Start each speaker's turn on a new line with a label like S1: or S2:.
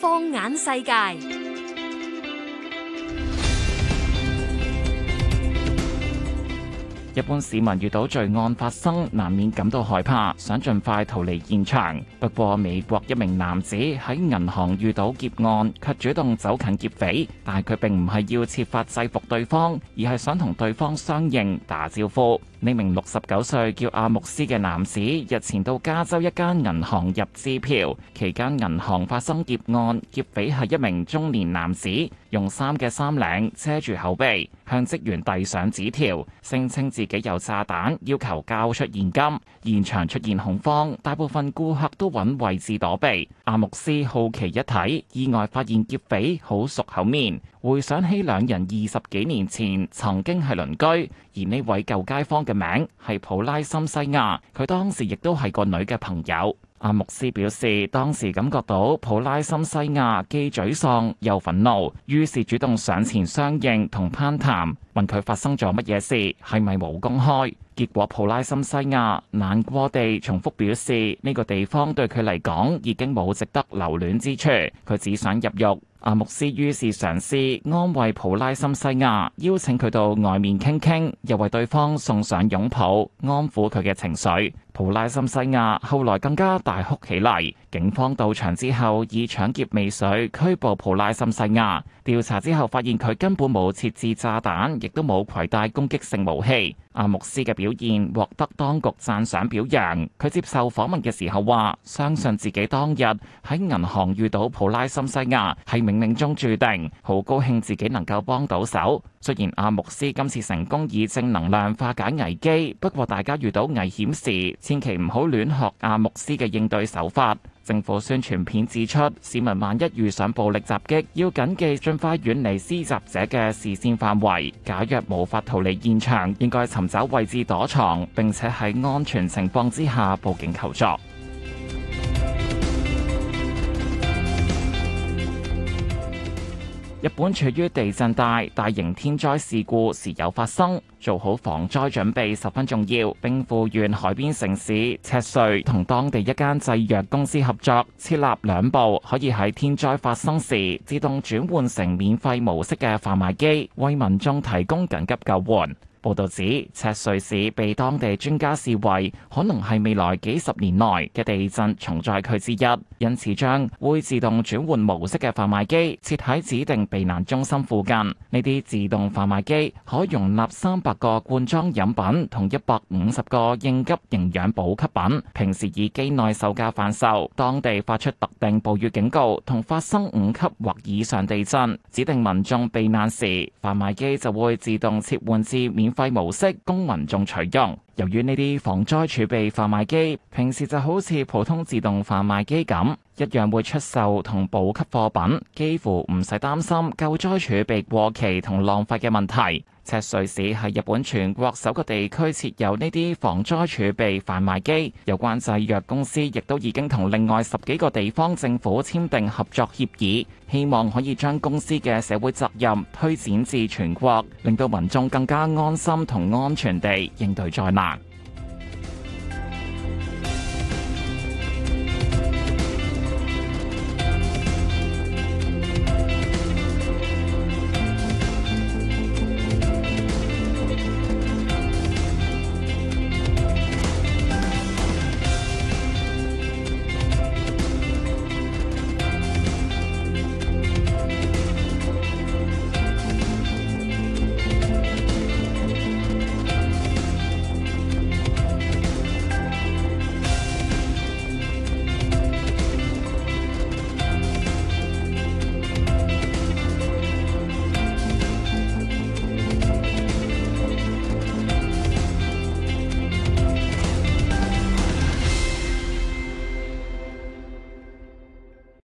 S1: 放眼世界。一般市民遇到罪案發生，難免感到害怕，想盡快逃離現場。不過，美國一名男子喺銀行遇到劫案，卻主動走近劫匪，但係佢並唔係要設法制服對方，而係想同對方相擁打招呼。呢名六十九歲叫阿牧斯嘅男子，日前到加州一間銀行入支票，期間銀行發生劫案，劫匪係一名中年男子，用衫嘅衫領遮住口鼻。向職員遞上紙條，聲稱自己有炸彈，要求交出現金。現場出現恐慌，大部分顧客都揾位置躲避。阿牧斯好奇一睇，意外發現劫匪好熟口面，回想起兩人二十幾年前曾經係鄰居，而呢位舊街坊嘅名係普拉森西亞，佢當時亦都係個女嘅朋友。阿牧師表示，當時感覺到普拉森西亞既沮喪又憤怒，於是主動上前相應同攀談，問佢發生咗乜嘢事，係咪冇公開？結果普拉森西亞難過地重複表示，呢個地方對佢嚟講已經冇值得留戀之處，佢只想入獄。阿牧師於是嘗試安慰普拉森西亞，邀請佢到外面傾傾，又為對方送上擁抱，安撫佢嘅情緒。普拉森西亞後來更加大哭起嚟。警方到場之後，以搶劫未遂拘捕普拉森西亞。調查之後發現佢根本冇設置炸彈，亦都冇攜帶攻擊性武器。阿穆斯嘅表現獲得當局讚賞表揚。佢接受訪問嘅時候話：相信自己當日喺銀行遇到普拉森西亞係冥冥中注定，好高興自己能夠幫到手。雖然阿穆斯今次成功以正能量化解危機，不過大家遇到危險時，千祈唔好亂學阿牧斯嘅應對手法。政府宣傳片指出，市民萬一遇上暴力襲擊，要謹記盡快遠離施襲者嘅視線範圍。假若無法逃離現場，應該尋找位置躲藏，並且喺安全情況之下報警求助。日本處於地震帶，大型天災事故時有發生，做好防災準備十分重要。兵庫縣海邊城市赤穗同當地一間製藥公司合作，設立兩部可以喺天災發生時自動轉換成免費模式嘅販賣機，為民眾提供緊急救援。報導指，赤穗市被當地專家視為可能係未來幾十年內嘅地震重災區之一，因此將會自動轉換模式嘅販賣機設喺指定避難中心附近。呢啲自動販賣機可容納三百個罐裝飲品同一百五十個應急營養補給品。平時以機內售價販售，當地發出特定暴雨警告同發生五級或以上地震，指定民眾避難時，販賣機就會自動切換至免費模式供民眾取用。由於呢啲防災儲備販賣機平時就好似普通自動販賣機咁，一樣會出售同補給貨品，幾乎唔使擔心救災儲備過期同浪費嘅問題。赤穗市係日本全國首個地區設有呢啲防災儲備販賣機，有關製藥公司亦都已經同另外十幾個地方政府簽訂合作協議，希望可以將公司嘅社會責任推展至全國，令到民眾更加安心同安全地應對災難。